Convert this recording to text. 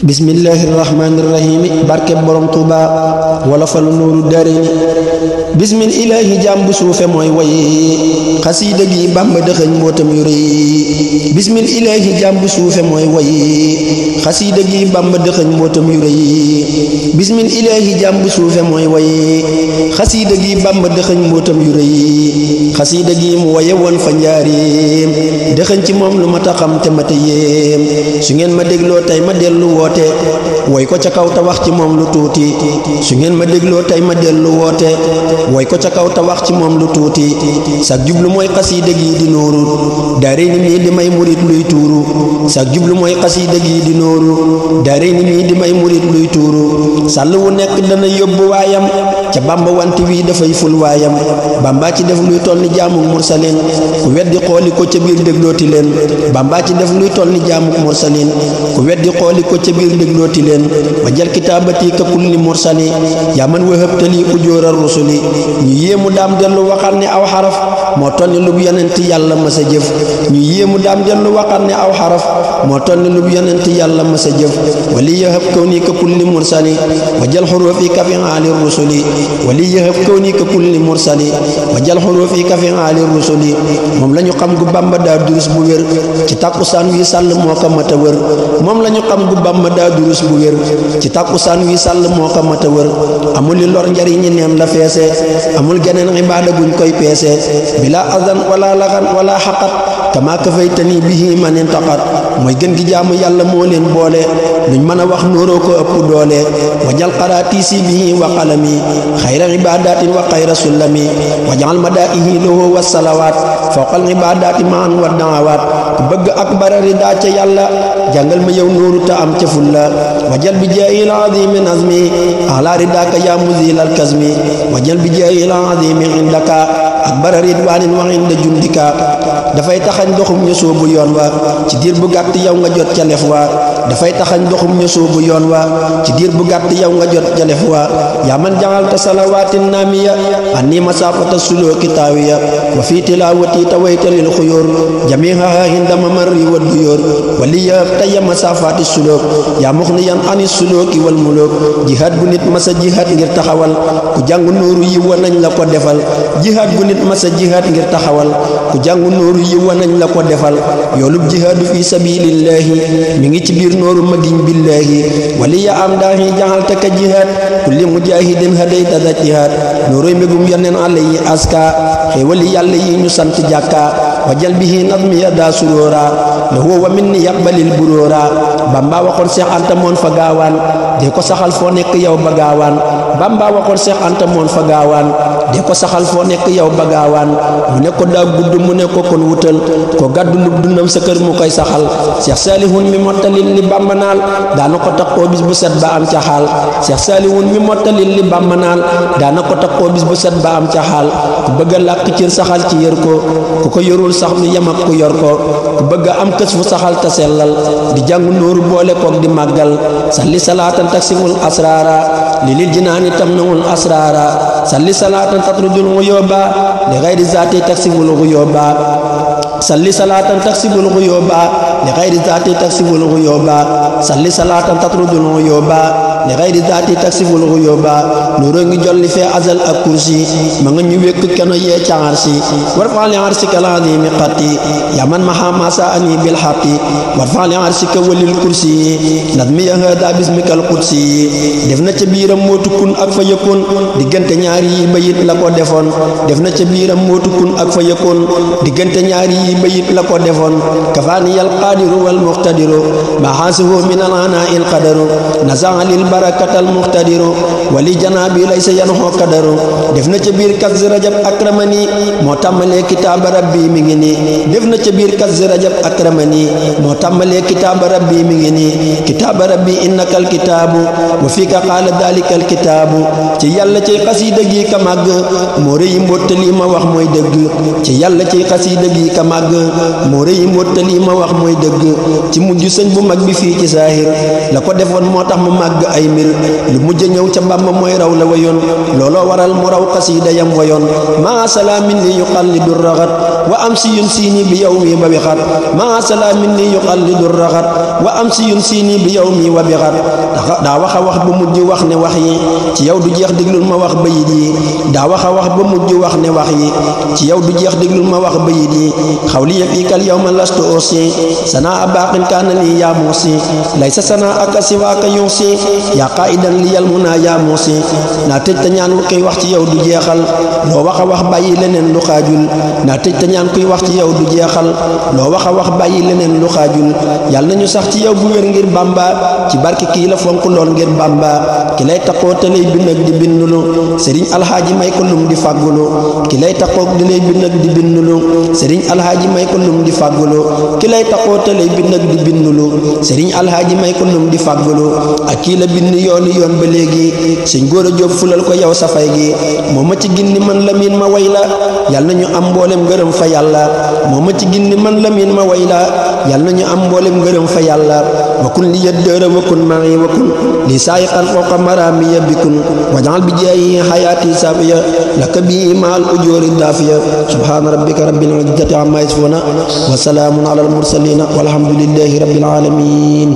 bismillahi rahmaani rahiimi barkeb borom tuuba wala falu nuuru darini bismil ilaahi jaam bu suufe mooy way xasiida gi bàmba dëxëñ mbootam yu rëy bismil ilaahi jaam bu suufe mooy way xasiida gi bàmba dëxëñ mbootam yu rëy bismil ilaahi jaam bu suufe mooy way xasiida gi bàmba dëxëñ mbootam yu rëy xasiida gi mu waye woon fa njaarim dëxëñ ci moom lu ma taxam te ma te yéem su ngeen ma dégloo tey ma dellu woo woote woy ko ca kaw te wax ci moom lu tuuti su ngeen ma dégloo tey ma dellu woote woy ko ca kaw te wax ci moom lu tuuti sag jublu mooy xasiida yi di yi daare ni mii di may murit luy tuuru sag jublu mooy xasiida gi di nooru daare ni mii di may murit luy tuuru sàll wu nekk dana yóbbu waayam ca bamba wii dafay ful waayam bamba ci def luy toll ni jaamuk mursalin ku weddi xooli ko ca biir déglooti leen bamba ci def luy toll ni jaamuk mursalin ku weddi xooli ko ca wa jal kitaabati ka kulli mursali yaa man wahabtali ujoora rusuli ñu yéemu daam dellu waxaat ne aw xaraf moo toll ni lub yonent yàlla mas a jëf ñu yéemu daam dellu waxaat ne aw xaraf moo toll ni lub yonent yàlla a jëf wali yahab kaw nii ka kulli mursali wa jal xurufi ka ka kulli mursali wa moom la ñu xam gu bàmba daa durus bu wér ci tàkkusaan wi sàll moo ko mat a wër moom la xam gu bàmba ma daa durus bu wér ci tàkkusaan wi sàll moo ko mat a wër amul li lor njariñi neem la feese amul geneen ibaada guñ koy peese bila azan wala laxan wala xaqat kama kafaytani bihi man intaqat mooy gën gi jaamu yàlla moo leen boole luñ mën a wax nóoroo ko ëpp doole wajal qaraatiisi bihi wa qalami xayra ibaadatin wa xayra sullami wajal madaihi lahu wa salawaat fawqal ibaadaati maan wa daawaat bëgg ak bara ridaa ca yàlla jàngal ma yow nuuru ta am ca fulla wajal bi jaahil azimi nazmi ala ridaaka yaa muzilal kazmi wajal bi jaahil azimi indaka akbara ridwanin wa inda jundika dafay taxañ doxum ñu soobu yoon wa ci diir bu gàtt yow nga jot ca lef wa dafay taxañ doxum ñu soobu yoon wa ci diir bu gàtt yow nga jot ca lef wa yaa man jàngalta salawaatin naamiya anni masaafata sulooki taawiya wa fii tilaawati tawayta lil عند ممر والديور وليا تي مسافات السلوك يا مغنيا عن السلوك والملوك جهاد bu nit masa jihaad ngir taxawal ku jàng nooru yi wanañ la ko defal jihaad bu nit masa jihaad ngir taxawal ku jàng nooru yi wanañ la ko defal yoolub jihaadu fi sabilillahi mi ngi ci biir nooru magiñ billahi waliya am daahi jaxalta li jihaad kulli mujahidin hadayta da jihaad nooru megum yonen alayhi aska xéewali yàlla yi ñu sant jàkka وجلبه نظمي دا سرورا لهو ومني يقبل البرورا بامبا وخون شيخ انت مون فغاوان دي كو سخال فو نيك ياو بغاوان بامبا وخون شيخ انت مون فغاوان de ko saxal foo nekk yow bagaawaan mu ne ko daa gudd mu ne ko kon wutal ko gàddu lu dundam sa kër mu koy saxal Cheikh Salihun mi mottalil li bàmbanaal daana ko takkoo bis bu set ba am ca xaal Cheikh Salihun mi mottalil li bàmbanaal ba am ca xaal ku bëgg a làkk cër saxal ci yër ko ku ko yorul sax mi yem ak ku yor ko ku bëgg a am kës fu saxal te di jàngu nóoru boole koog di màggal salli salaatan taksimul asraara li lil jinaani tam nangul asraara salli salaatan tatrudul guyuba li gayri zaati taksibul guyuba salli salaatan taksibul guyuba li gayri zaati taksibul guyuba salli salaatan tatrudul guyuba li xayri daati taksiful xuyóoba nuuroo ngi jolli fee azal ak kursi ma nga ñu wékk ke yee ca arsi war faa li arsi ka laadimi xatti yaa ma xaa maasa ani bil xaqi war faa li arsi ka walil kursi nat mi yahaada bismikal qudsi def na ca biira mootu kun ak fa yëkkoon diggante ñaari yi bayit la ko defoon def ca biiram mootu kun ak fa yëkkoon diggante ñaari yi bayit la ko defoon kafaani wal muqtadiru ma xaasihu min al anaa il qadaru nasaa lil barakatal muxtadiru wali janaabi lay sa yanxoo kadaru def na ca biir kas rajab akramani moo tàmbalee kitaaba bii mi ngi nii def na ca biir kas rajab akramani moo tàmbalee kitaaba rabbi mi ngi nii kitaaba rabbi innaka alkitaabu wa fiika qaala dalika alkitaabu ci yàlla ciy xasiida gi ka màgg moo rëyi mbottalii ma wax mooy dëgg ci yàlla ciy xasiida gi ka màgg moo rëyi mbottalii ma wax mooy dëgg ci mujj sëñ bu mag bi fii ci saahir la ay mbir lu mujj ñëw ca mbamba mooy raw la wayoon looloo waral mu raw xasiida yam wayoon maa salaamin li yuqallidu raxat wa am si yun siini bi yow mi wa bixat maa salaamin li yuqallidu raxat wa am si yun siini bi yaw mi wa bixat daa wax a wax ba mujj wax ne wax yi ci yaw du jeex déglul ma wax bayit yi daa wax wax ba mujj wax ne wax yi ci yaw du jeex déglul ma wax bayit yi xaw li yëf ikal yow ma lastu aussi sanaa a baaxin kaana lii lay sa sanaa ak siwaaka yuusi yaa qaa'idan liyal munaa yaa muusi naa tëj te ñaan kuy wax ci yow du jeexal loo wax a wax bàyyi leneen lu xaajul naa tëj tañaan ñaan kuy wax ci yow du jeexal loo wax a wax bàyyi leneen lu xaajul yàlla na ñu sax ci yow bu wér ngir bàmba ci barke kii la fonk lool ngir bàmba ki lay takkoo te lay bind ak di bindulu sëriñ alxaaji may ko lum di fàggulu ki lay takkoo te lay bind ak di bindulu sëriñ alxaaji may ko lum di fàggulu ki lay takkoo te lay bind ak di bindulu sëriñ alxaaji may ko lum di fàggulu bind yooni yoon ba léegi sëñ góor a jóob fulal ko yow sa fay gi moo ma ci gindi man lamin ma way la yal na ñu am mboolem ngërëm fa yàlla moo ma ci gindi man lamin ma way la yal na ñu am mboolem ngërëm fa yàlla wakun li yëddëra wakun maa ngi wakun li saayi xan xooqa maraami ya bikun wajaal bi jeeyi xayaati saafiya laka bi maal ujoori daafiya subhaana na rabbil izzati amma yasifuna wa salaamun ala al mursalina walhamdulillahi rabbil alamin